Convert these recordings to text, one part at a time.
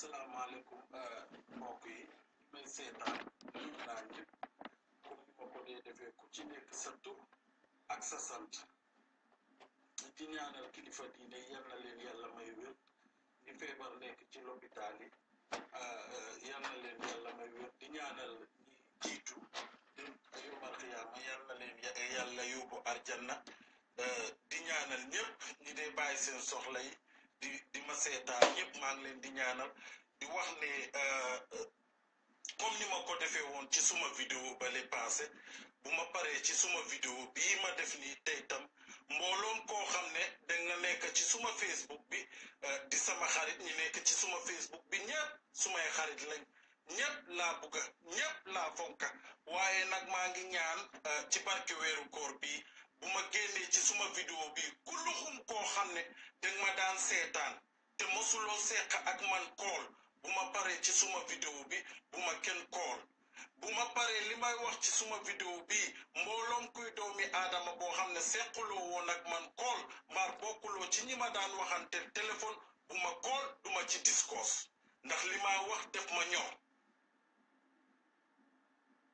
salaamaaleykum euh, mbokk yi may seetaan naa ñëpp comme ni dee defee ku ci nekk sa tur ak sa sant di ñaanal kilifa diine yal na leen yàlla may wér di feebar nekk ci lopitaan yi euh, yal na leen yàlla may wér di ñaanal jiitu dem yomal xiyaama yal na leen yàlla yóbbu arjanna euh, di ñaanal ñëpp ñi dee bàyyi seen soxla di di ma seetaan ñëpp maa ngi leen di ñaanal di wax ne euh, comme ni ma ko defee woon ci suma vidéo bale passé bu ma paree ci suma vidéo bii ma def nii tey tam mbooloom koo xam ne danga nekk ci suma Facebook bi euh, di sama xarit ñi nekk ci suma Facebook bi ñëpp sumay xarit lañ ñëpp laa bugga ñëpp laa fonka waaye nag maa ngi ñaan euh, ci barke weeru koor bii bu ma génnee ci suma vidéo bi kulluxum koo xam ne danga ma daan seetaan te mosuloo seq ak man kool bu ma paree ci suma vidéo bi bu ma kenn kool bu ma paree li may wax ci suma vidéo bi mbooloom kuy mi aadama boo xam ne sequloo woon ak man kool maar bokkuloo ci ñi ma daan waxante téléphone bu ma kool duma ci discours ndax li ma wax def ma ñor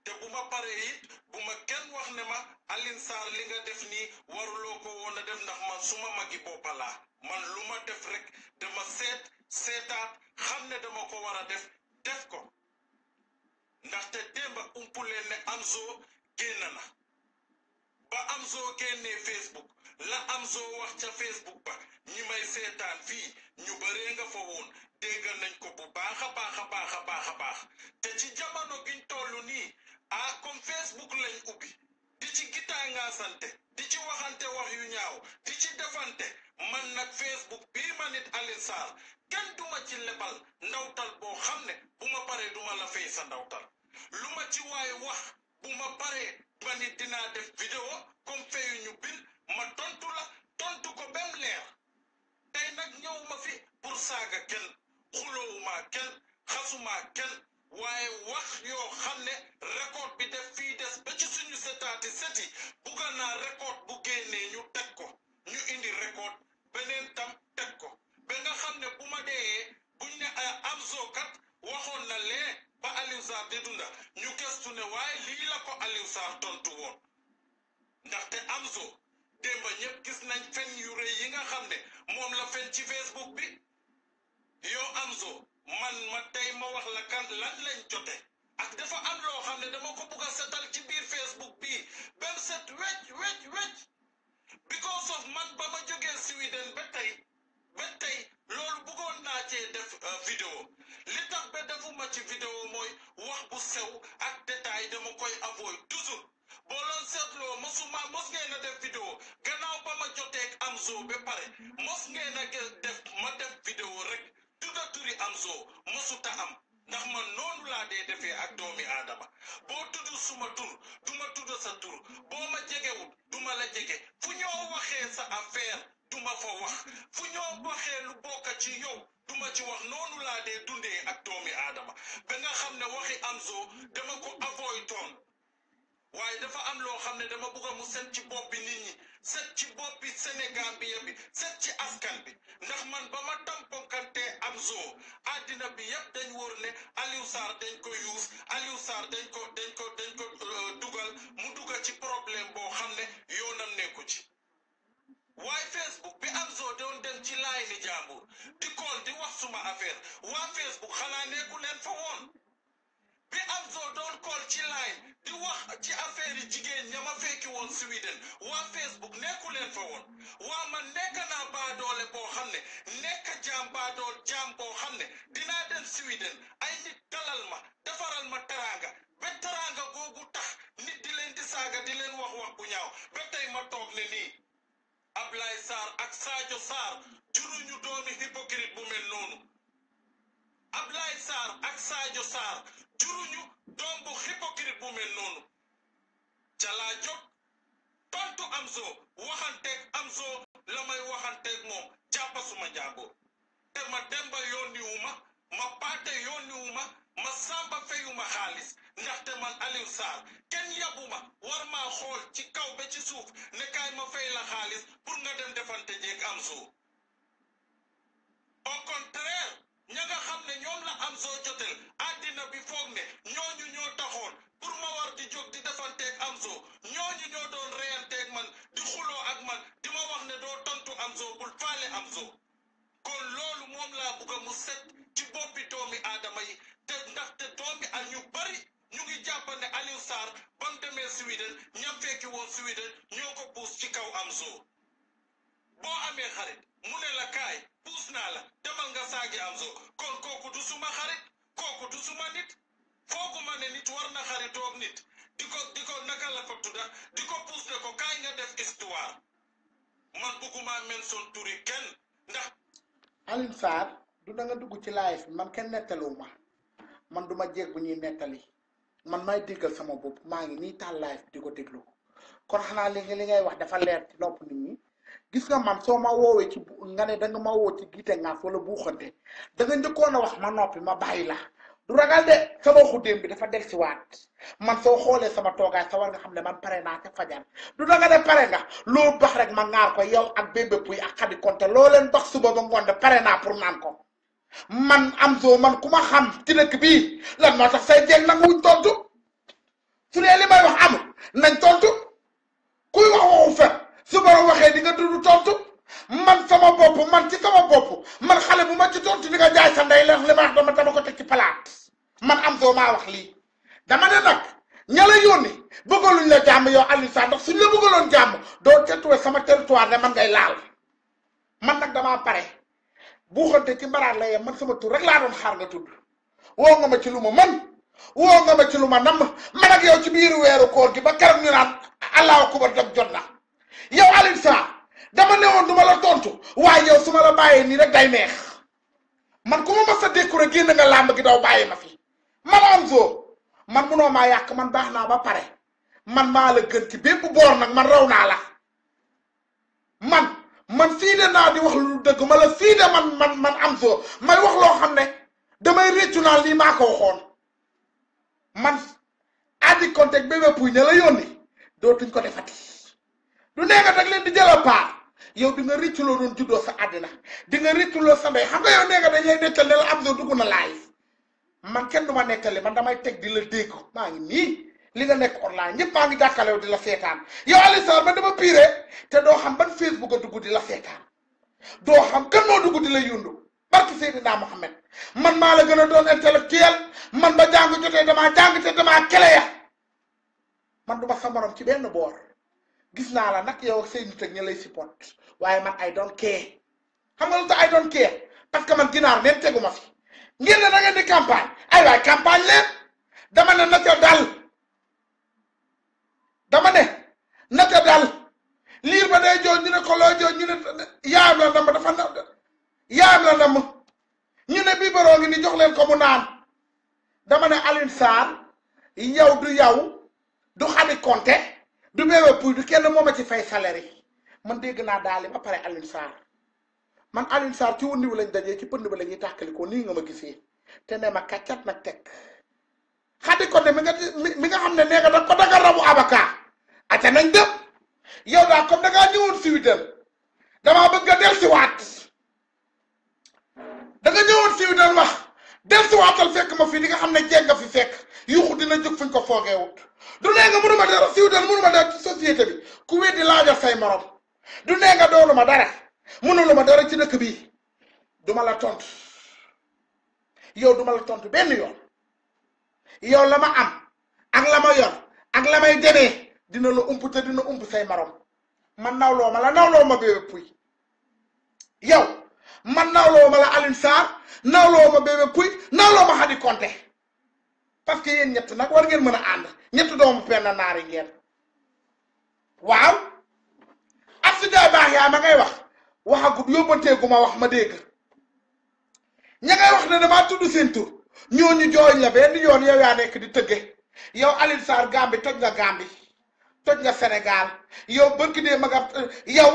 te bu ma paree it bu ma kenn wax ne ma Alioune li nga def nii waruloo ko woon a def ndax man suma ma magi boppa laa man lu ma def rek dama seet seetaat xam ne dama ko war a def def ko ndaxte démba umpuleen ne Amzo génn na ba Amzo génnee Facebook la Amzo wax ca Facebook ba ñi may seetaan fii ñu baree nga fa woon déggal nañ ko bu baax a baax baax a baax a baax te ci jamono giñ toll nii ah comme Facebook lañ ubbi di ci gittaa sante di ci waxante wax yu ñaaw di ci defante man nag Facebook bii ma nit Alioune Sarr kenn du ma ci lebal ndawtal boo xam ne bu ma paree du la fay sa ndawtal lu ma ci waay wax bu ma paree ma nit dinaa def vidéo comme feyu ñu bin ma tontu la tontu ko bem leer tey nag ñëw fi pour saaga kenn xuloowu maa kenn xasumaa kenn waaye wax yoo xam ne record bi def fii des ba ci suñu setaati seti bugga naa record bu génnee ñu teg ko ñu indi record beneen tam teg ko ba nga xam ne bu ma deeyee buñ ne euh, Amzo kat waxoon na lee ba Aliou Sarr di dunda ñu gëstu ne waaye lii la ko Aliou Sarr tontu woon ndaxte Amzo démba ñëpp gis nañ fen yu rëy yi nga xam ne moom la fen ci Facebook bi yow Amzo man ma tey ma wax la kan lan lañ jote ak dafa am loo xam ne dama ko bugg a setal ci biir Facebook bii ba mu set wecc wecc wecc because of man ba ma jógee Sweden ba tey ba tey loolu bëggoon naa cee def euh, vidéo li tax ba defuma ci vidéo mooy wax bu sew ak détail dama koy avoid toujours boo loon seetloo mosuma mos ngeen a def vidéo gannaaw ba ma joteeg am zoo ba pare mos ngeen a def ma def vidéo rek tudda turi am soo mosuta am ndax man noonu laa dee defee ak doomi aadama boo tudd suma tur duma tudd sa tur boo ma jegewul duma la jege fu ñoo waxee sa affaire duma fa wax fu ñoo waxee lu bokk ci yow duma ci wax noonu laa dee dundee ak doomi aadama ba nga xam ne waxi am soo dama ko avoy toon waaye dafa am loo xam ne dama bëgg mu set ci bopp bi nit ñi set ci bopp bi Sénégambie bi set ci askan bi ndax man ba ma tamponkante am zoo àddina bi yëpp dañ wóor ne Aliou Sarr dañ ko yuus Aliou dañ ko dañ ko dañ ko euh, dugal mu dugal ci problème boo xam ne yoonam nekku ci waaye Facebook bi am zoo doon dem ci laay ni jàmbur di kool di wax suma affaire waa Facebook xanaa nekku leen fa woon bi am zoo doon kool ci laay di wax ci affaire jigéen ña ma fekki woon Sweden waa Facebook nekku leen fa woon waa man nekk naa baadoole boo xam ne nekk jaam baadool jaam boo xam ne dinaa dem Sweden ay nit ma defaral ma teraanga ba teraanga googu tax nit di leen di saaga di leen wax wax bu ñaaw ba tey ma toog ne nii Ablaye Sarr ak Sadio Sarr juruñu doomi hypocrite bu mel noonu Ablaye Sarr ak Sadio Sarr juruñu doom bu hypocrite bu mel noonu ca laa jóg tontu am soo waxanteeg am soo la may suma njaago ma demba yónni ma ma paate yónni ma ma feyuma xaalis ndaxte man Aliou Sarr kenn yabuma war maa xool ci kaw be ci suuf ne kaay ma fay la xaalis pour nga dem defante jeeg am soo Alioune Sarr du da nga dugg ci live man kenn nettaliwu ma man duma ma jeeg bu ñuy nettali man may diggal sama bopp maa ngi nii taal live di ko déglu kon xanaa léegi li ngay wax dafa leer ci nopp nit ñi gis nga man soo ma woowee ci nga ne da nga ma woo ci giite ngaaf wala buuxante da nga njëkkoon a wax ma noppi ma bàyyi la du ragal de sama xuddéem bi dafa del si waat man soo xoolee sama toogaay sa war nga xam ne man pare naa ca fajar du danga ne pare nga loo bax rek ma ŋaar ko yow ak bébé puy ak xadi konte loo leen bax suba ba ngoon de pare naa pour naan ko man am soo man ku ma xam ci dëkk bii lan moo tax say jeeg nanguwuñ tontu su dee li may wax amul nañ tontu kuy wax waxu fet su borom waxee di nga tontu man sama bopp man ci sama bopp man xale bu ma ci tontu di jaay sa ndey nangoo maa dama ne nag ña la yónni bëggaluñ la jàmm yow Alioune Sarr ndax suñ la bëggaloon jàmm doo tetuwe sama territoire ne man ngay laal man nag damaa pare buuxante ci mbaraat la yem man sama tur rek laa doon xaar nga tudd woo nga ma ci lu ma mën ma ci lu ma namm man ak yow ci biiru weeru koor gi ba keroog ñu naan allahu kubar dog jot na yow Alioune Sarr dama newoon du ma la tontu waaye yow su la bàyyee nii rek day neex man ku ma mas a dékku rek génn nga làmb gi daw bàyyi ma madame Zo man munoo maa yàq man baax naa ba pare man maa la gën ci bépp boor nag man raw naa la man man fii de naa di wax lu dëgg ma la fii de man man man am Zo may wax loo xam ne damay réccu naa lii maa ko waxoon man Adi Conté ak Bébé Pouye ña la yónni dootuñ ko defati du nee nga dag leen di jëla paar yow di nga loo doon juddoo sa àddina di nga rëcculoo sa ndey xam nga yow nee nga dañ lay nettal ne la am Zo dugg na laay man kenn du ma nettali man damay teg di la dégg maa ngi nii li nga nekk online ñëpp maa ngi jàkkaarloo di la seetaan yow Alioune Sarr man dama piree te doo xam ban Facebook a dugg di la seetaan doo xam kan moo dugg di la yundu barki Seydina Mohamed man maa la gën a doon intellectuel man ba jàng jotee damaa jàng te damaa kele ya man du ma sa morom ci benn boor gis naa la nag yow ak say nit ak ñi support waaye man I don't care xam nga lu tax I don't care parce que man ginaar neen tegu ma fi ay waay campagne leen dama ne naka dal dama ne naka dal liir ba day jooy ñu ne ko loo jooy ñu ne yaayam la ndam dafa na yaayam la ndam ñu ne bii baroo ngi ni jox leen ko mu naan dama ne Alioune Sarr yow du yow du Khady Konté du Bébé Pouy du kenn mooma ci fay salaire yi man dégg naa daal ba pare Alioune Sarr man Alioune Sarr ci wundiwu lañ dajee ci pënd ba la ñuy tàkkalikoo nii nga ma gisee te ne ma kàccat nag teg xati ko ne mi nga mi nga xam ne nee nga da ko daga rabu abaka aca nañ dem yow daa comme da ngaa ñëwoon si witel bëgg nga del si waat da nga ñëwoon si witel wax del si fekk ma fii di nga xam ne jeeg nga fi fekk yuuxu dina jóg fuñ ko foogeewut du nee nga mënuma dara si witel mënuma dara ci société bi ku weddi laajal ma morom du nee nga dooluma dara mënuluma dara ci dëkk bi duma la tontu. yow duma la tontu benn yoon yow la ma am ak la ma yor ak la may demee dina la ump te dina ump say marom man nawloo ma la nawloo ma bébé yow man nawloo ma la Alioune Sarr nawloo ma bébé puy nawloo ma Khady Konté que yéen ñett nag war ngeen mën a ànd ñett doomu penn naari ngeen waaw ab baax yaa ma ngay wax waxagut yóbbanteegu ma wax ma dégg ña ngay wax ne damaa tudd seen tur ñooñu jooy la benn yoon yow yaa nekk di tëgge yow Alioune Sarr Gambie toj nga Gambie toj nga Sénégal yow bëgg dee ma nga yow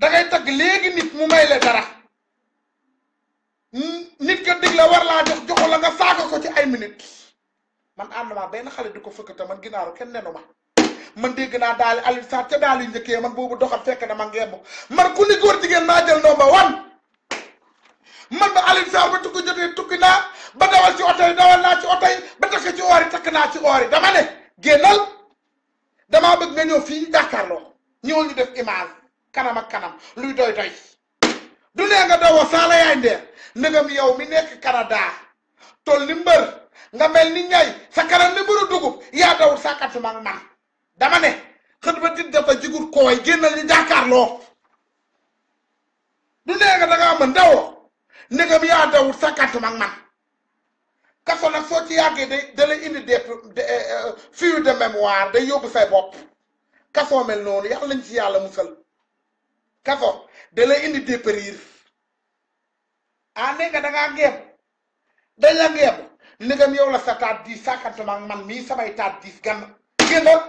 dangay tëgg léegi nit mu may la dara nit ka dig la war laa jox joxu la nga saaga ko ci ay minute man ànd naa benn xale di ko fëkkata man ginaaru kenn nenu ma man dégg naa daali Alioune Sarr ca daali njëkkee man boobu doxal fekk na ma ngemb man ku ni góor jigéen maa jël nomba wan man ba Alioune Sarr tukki jotee tukki naa ba dawal ci oto yi dawal naa ci oto yi ba takk ci oor yi naa ci oor dama ne génnal damaa bëgg nga ñëw fii jàkkaarloo ñëwal ñu def image kanam ak kanam luy doy doy du nga dawoo saala yaay ndeer ndegam yow mi nekk Canada toll ni mbër nga mel ni ñay sa kanam ni mbëru dugub yaa dawul sàkkatuma ak man dama ne xët ba dit dafa jigut kooy génnal ñu jàkkaarloo du nga da ngaa mën ndegam yaa dawul cinquante mag man kaso nag soo ci yàggee da lay indi des euh, fuite de mémoire day yóbbu say bopp kasoo mel noonu yàlla lañ ci yàlla musal kaso da lay indi dépérir ah ne nga da ngaa ngeem la ngeem ndegam yow la sa taat diis cinquante mag man mii samay taat diis gan génnal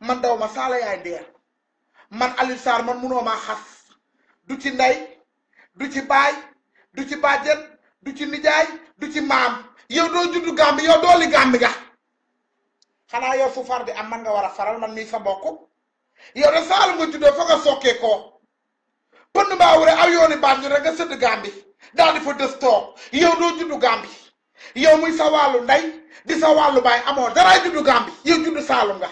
man daw ma saala yaay deer man Alioune Sarr man munoo xas du ci ndey du ci baay du ci bàjjen du ci nijaay du ci maam yow doo juddu gàmbi yow dooli gàmbi nga xanaa yow fu far di am man nga war a faral man mii fa bokk yow koo pënd di fa dës toog yow doo juddu gàmbi yow muy sa wàllu ndey di sa wàllu baay amoo daraay juddu gàmbi yow juddu saalum nga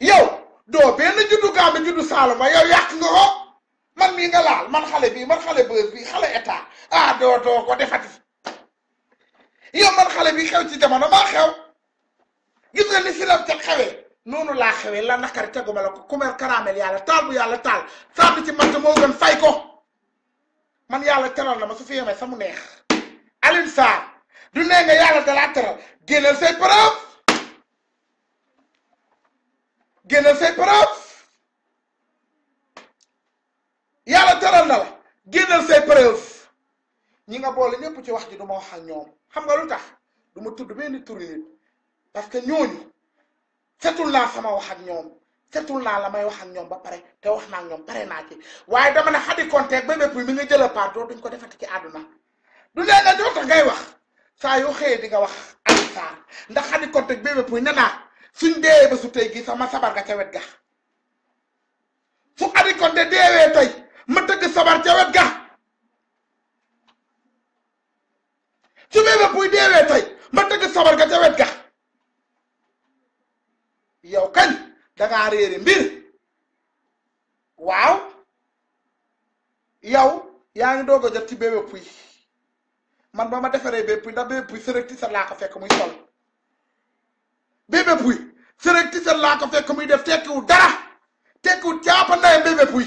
yow doo benn juddu gàmbi juddu saalum nga yow yàq nga ko man mii nga laal man xale bii man xale bii xale état ah doo doo ko defati yow man xale bi xew ci jamono maa xew gis nga ni si la ca xewee noonu laa xewee la nakari teguma la ko kumer karamel yàlla taal bu yàlla taal saabu ci matt moo gën fay ko man yàlla teral na ma su fi yemee sa neex Alioune Sarr du nee nga yàlla teral génneel say nga boole ñëpp ci wax ji du ma wax ak ñoom xam nga lu tax du ma tudd benn turi nit parce que ñooñu setul naa sama wax ak ñoom setul naa la may wax ak ñoom ba pare te wax naa ñoom pare naa ci waaye dama ne Khady Konté ak Bébé Pouye mi nga jëla part doo duñ ko defa ci àdduna du nee nga doo tax ngay wax saa yoo xëyee di nga wax Adji Sarr ndax Khady Konté ak Bébé Pouye ne naa suñ deewee ba su tey sama sabar nga ca wet ga su Khady Konté deewee tey ma tëgg sabar dangaa réere mbir waaw yaa ngi doog a jot ci bébé puy man ba ma defaree bébé puy ndax bébé puy sërëg ti set laa ko fekk muy sol bébé puy sërëg ti set laa ko fekk muy def tekkiwul dara tekkiwul caapa ndayam bébé puy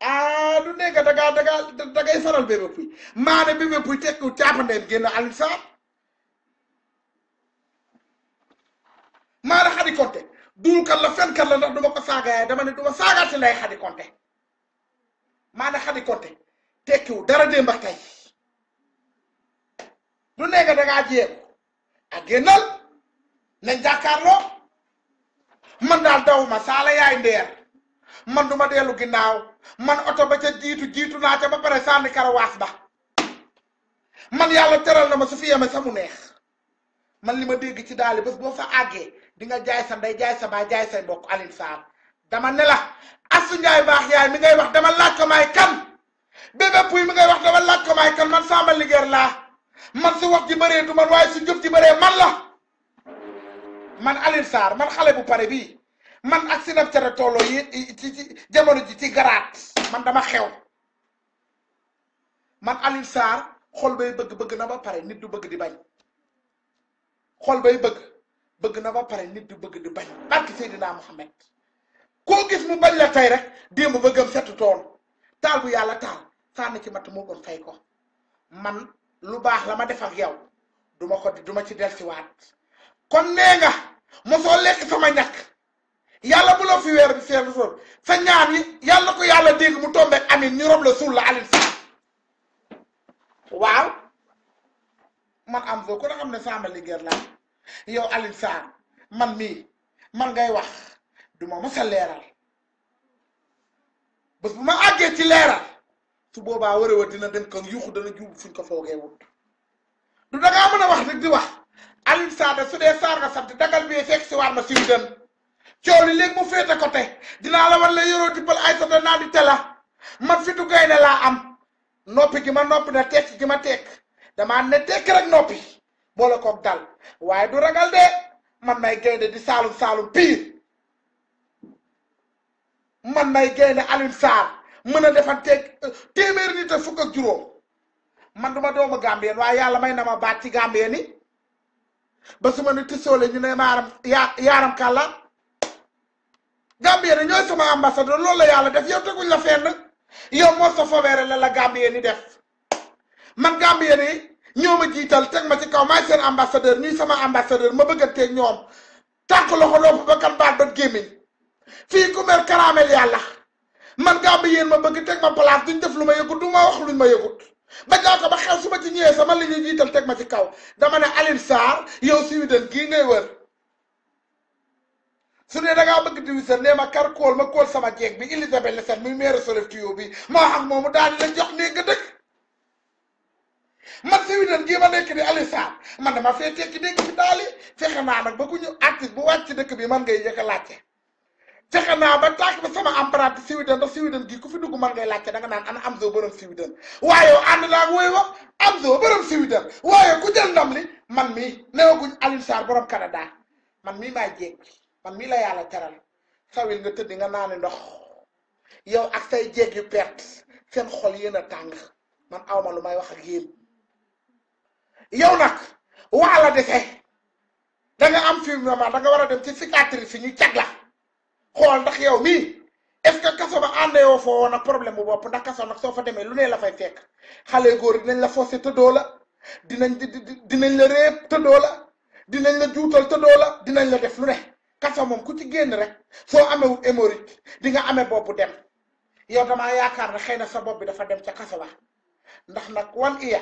ah du nekk dangaa dangaa dangay faral bébé puy maa ne bébé puy tekkiwul caapa génn Alioune Sarr maa ne duulkat la fenkat la ndax du ma ko saagaay dama ne du ma saagaati lay Xadi Konte maanaam Xadi Konte tekkiwu dara démb ak tey du nekk dangaa jéem a génnal nañ jàkkaarloo man daal daw ma saala yaay ndeer man du ma dellu ginnaaw man oto ba ca jiitu jiitu naa ca ba pare sànni karawaas ba man yàlla teral na ma su fi yeme sa neex man li ma dégg ci daal bés boo fa àggee di nga jaay sa ndey jaay sa baay jaay say mbokk Alioune Sarr dama ne la Asou Ndiaye baax yaay mi ngay wax dama laaj ko maay kan Bébé Pouy mi ngay wax dama laaj ko maay kan man Samba Linguère laa man su wax ji bëree du man waaye si jëf ji bëree man la man Alioune Sarr man xale bu pare bii man ak sinab cara tolloo yi ci jamono ji ci garaat man dama xew man Alioune Sarr xol bay bëgg-bëgg na ba pare nit du bëgg di bañ xol bay bëgg bëgg na ba pare nit di bëgg di bañ barki Seydina Muhammad koo gis mu bañ la tey rek démb bëggam setu tool taal bu yàlla taal sànni ci matt moo gën fay ko man lu baax la ma def ak yow duma ko duma ci delsiwaat kon nee nga mosoo lekk sama ñàkk yàlla bu la fi weer bi feeru sol sa ñaan yi yàlla ko yàlla dégg mu tombe amin ñu rob la suul la alin waaw man am foo ko ne xam ne Samba Linguère laa yow Alioune Sarr man mii man ngay wax du ma mës a leeral bés bu ma àggee ci leeral su boobaa wërëwa dina dem ko yuuxu dana juub fuñ ko foogee wut du dangaa mën a wax rek di wax Alioune Sarr de su dee Sarr nga sant dagal bi fekk si waar ma siñ dën coow li léegi mu féete côté dinaa la wan la yoroo di bal ay sota naa di tela man fi du gaynde la am noppi ji ma noppi na tekk ji ma tekk damaa ne tekk rek noppi boole koog dal waaye du ragal de man may gaynde di saalum saalum piir man may gaynde Alioune Sarr mën a defanteeg euh, téeméeri nit ak fukk ak juróom man du ma doomu Gambien waaye yàlla may na ma baat ci Gambien ni ba su ma ne tisoole ñu ne maaram yaa yaaram kàlla Gambien ñooy sama ambassadeur loolu la yàlla def yow teguñ la fenn yow moo sa fobeere la la Gambien def. man Gambien yi ñoo ma jiital teg ma ci kaw maay seen ambassadeur ñuy sama ambassadeur ma bëgganteeg ñoom tànk loxo loo ba kan baat ba gémmiñ fii ku mer karaamel yàlla man Gambien ma bëgg teg ma place duñ def lu ma yëgut du ma wax luñ ma yëgut ba jaa ba xew su ma ci ñëwee sama li ñu jiital teg ma ci kaw dama ne Alioune Sarr yow Sweden gii ngay wër su dee da ngaa bëgg di wiser ma kar kóol ma kóol sama jeeg bi Elisabeth Lesen muy maire Soleil Tuyau bi man séminaire gii ma nekk di Alioune Sarr man dama fee tekki dégg fi daali fexe naa nag ba ku ñu artiste bu wàcc ci dëkk bi man ngay yëkk a laajte fexe naa ba tàkk ba sama empreinte siwiden ndax siwiden gii ku fi dugg man ngay laajte da nga naan ana Amzo borom siwiden waaye ànd naa ak woy wax Amzo borom siwiden waaye ku jël ndam li man mii newaguñ Alioune Sarr borom Canada man mii maa jéeg man mii la yàlla teral sawil nga tëddi nga naani ndox yow ak say jéeg seen xol yéen a tàng man awma lu may wax ak yéen yow nag waa la defee da nga am firmement da nga war a dem ci cicatrice yi ñu jag la xool ndax yow mii est-ce que kaso ba àndewoo foo woon ak problème bu bopp ndax kaso nag soo fa demee lu ne la fay fekk xale góor yi dinañ la forcé tëddoo la dinañ dinañ la réeb tëddoo la dinañ la juutal tëddoo la dinañ la def lu ne moom ku ci génn rek soo amewul hémorroïde di nga amee bopp dem yow yaakaar ne xëy na sa bopp bi dafa dem ca kaso ndax nag wan iya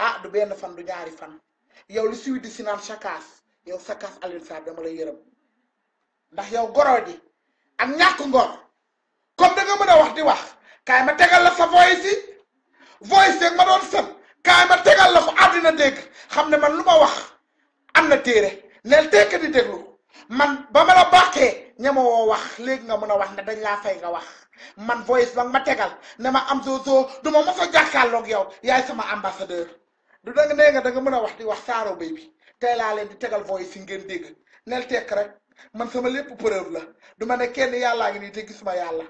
ah du benn fan du ñaari fan yow lu suy di si naan sakaas yow sakaas Alioune Sarr dama lay yërëm ndax yow goroo di ak ñàkk ngor comme da nga mën a wax di wax kaay ma tegal la sa voice yi voice yeeg ma doon sën kaay ma tegal la ko àddina dégg xam ne man lu ma wax am na téere neel tekk di déglu man ba ma la bàqee woo wax léegi nga mën a wax ne dañ laa fay nga wax man voice ba ma tegal ne ma am zozo du ma mos a jàkkaarloog yow yaay sama ambassadeur du danga nee nga da nga mën a wax di wax saaro bay bi tey laa leen di tegal voice yi ngeen dégg nel tekk rek man sama lépp preuve la du ma a kenn yàllaa ngi nii te suma yàlla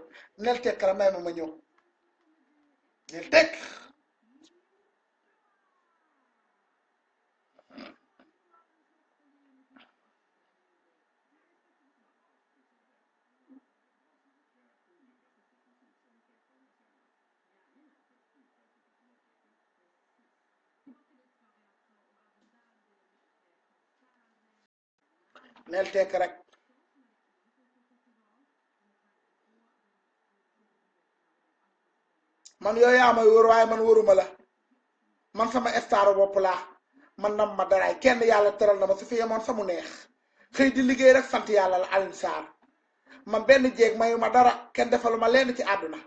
nel tekk rek may ma ma ñëw nel tekk neel tekk rek man yooyu yaa may wër waaye man wëruma la man sama estaaru bopp laa man nam ma daraay kenn yàlla teral na ma su fi yemoon samu neex xëy di liggéey rek sant yàlla la Alioune Sarr man benn jéeg mayu ma dara kenn defalu ma lenn ci àdduna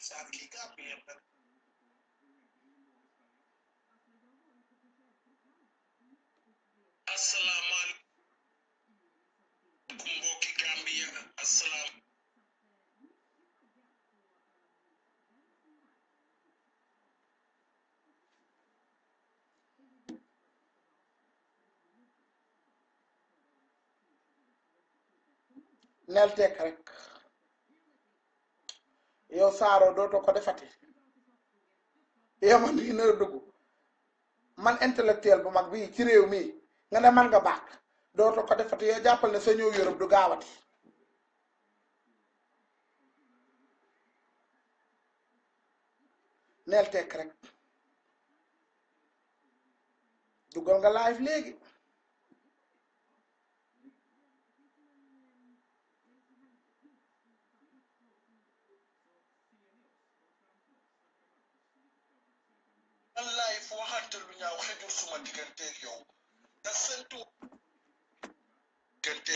pensar que cambia. Assalamu alaikum Boki Gambia. Assalamu Neltek yow saaro doto ko defate yow man dii nara dugg man intellectuel bu mag bii ci réew mii nga ne man nga baak doto ko defate yow jàppal ne sa ñëw yërëb du gaawati neel teek rek dugal nga live léegi wallaay fu waxante lu ñaaw xejul suma digganteeg yow te diggante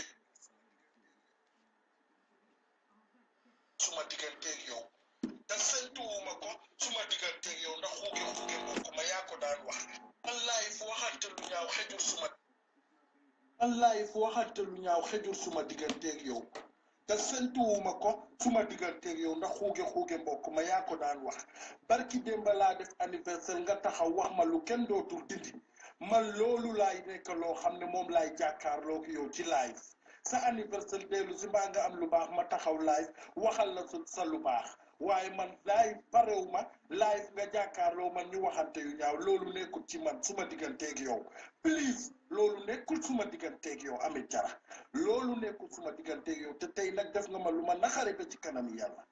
suma digganteeg yow te sentuwuma ko suma digganteeg yow ndax xuuge xuuge bokk ma yaa ko daan wax wallaay fu waxante lu ñaaw xejul suma wallaay fu suma digganteeg yow te santuwuma ko suma digganteeg yow ndax xuuge xuuge mbokk ma yaa ko daan wax barki démb laa def anniversaire nga taxaw wax ma lu kenn dootul dindi man loolu laay nekk loo xam ne moom laay jàkkaarloo ak yow ci live sa anniversaire dellu si mbaa nga am lu baax ma taxaw live waxal la su sa lu baax waaye man laay parewu ma laay nga jàkkaarloo man ñu waxante yu ñaaw loolu nekkul ci man suma digganteeg yow please loolu nekkul suma digganteeg yow ame jara loolu nekkul suma digganteeg yow te tey nag def nga ma lu ma naxare ba ci kanam yàlla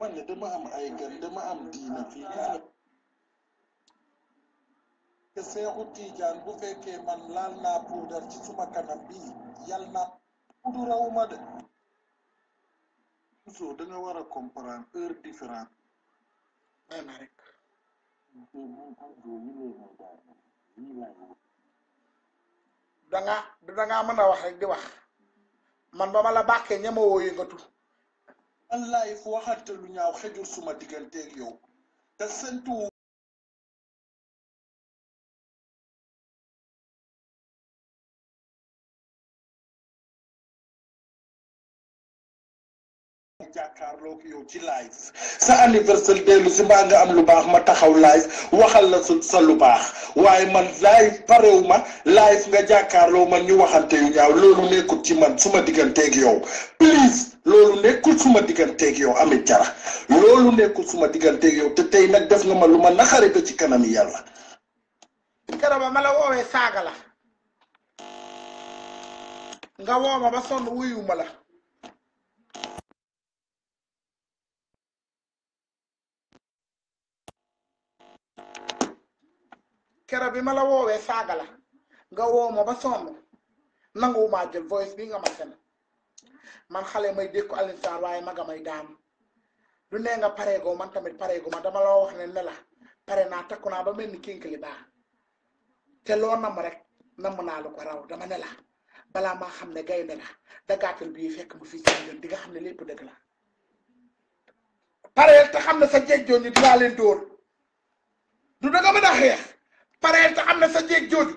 man dama am ay gan dama am diina fii te Seexu Tijaan bu fekkee man laal naa puudar ci suma kanam bi yal na puudarawuma de so war a comprendre heure différente nee na rek danga dangaa mën a wax rek di wax man ba ma la bàkkee ñama woo yëngatu man laay fu waxante lu ñaaw xejul suma digganteeg yow te sentuwu jàkkaarloog yow ci live sa anniversaire dellu si mbaa nga am lu baax ma taxaw live waxal la su sa lu baax waaye man live parewu ma live nga jàkkaarloo man ñu waxante yu ñaaw loolu nekkul ci man suma digganteeg yow please loolu nekkul suma digganteeg yow amit jara loolu nekkul suma digganteeg yow te tey nag def nga ma lu ma naxare ba ci kanam yàlla karama ma la woowee la kero bi ma la woowee saaga la nga woo ma ba somb nanguwumaa jël voice bi nga ma seen man xale may dékku Alioune Sarr waaye maga may daan du nee nga pareegoo man tamit pareegu ma dama la wax ne ne pare naa takku naa ba mel ni kénkili baa te loo nam rek namm naa lu ko raw dama ne balaa maa xam ne gaynde la dagaatal bii fekk mu fii si di xam ne lépp dëgg la pareel te xam ne sa jejjoo ñi dinaa leen dóor du dëgg ba da xeex pareel te am na sa jéeg jooju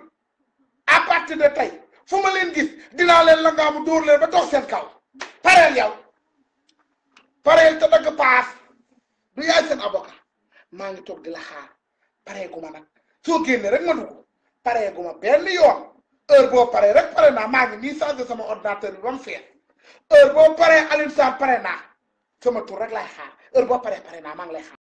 a partir de tey fu ma leen gis dinaa leen langaamu dóor leen ba dox seen kaw pareel yow pareel te dagg paas du yaay seen avocat maa ngi toog di la xaar pareegu ma nag soo génne rek ma dugg pareegu ma benn yoon heure boo paree rek pare naa maa ngi nii changé sama ordinateur bi ba mu fees heure boo paree Alioune Sarr pare naa sama tur rek laay xaar heure boo paree pare naa maa ngi lay xaar.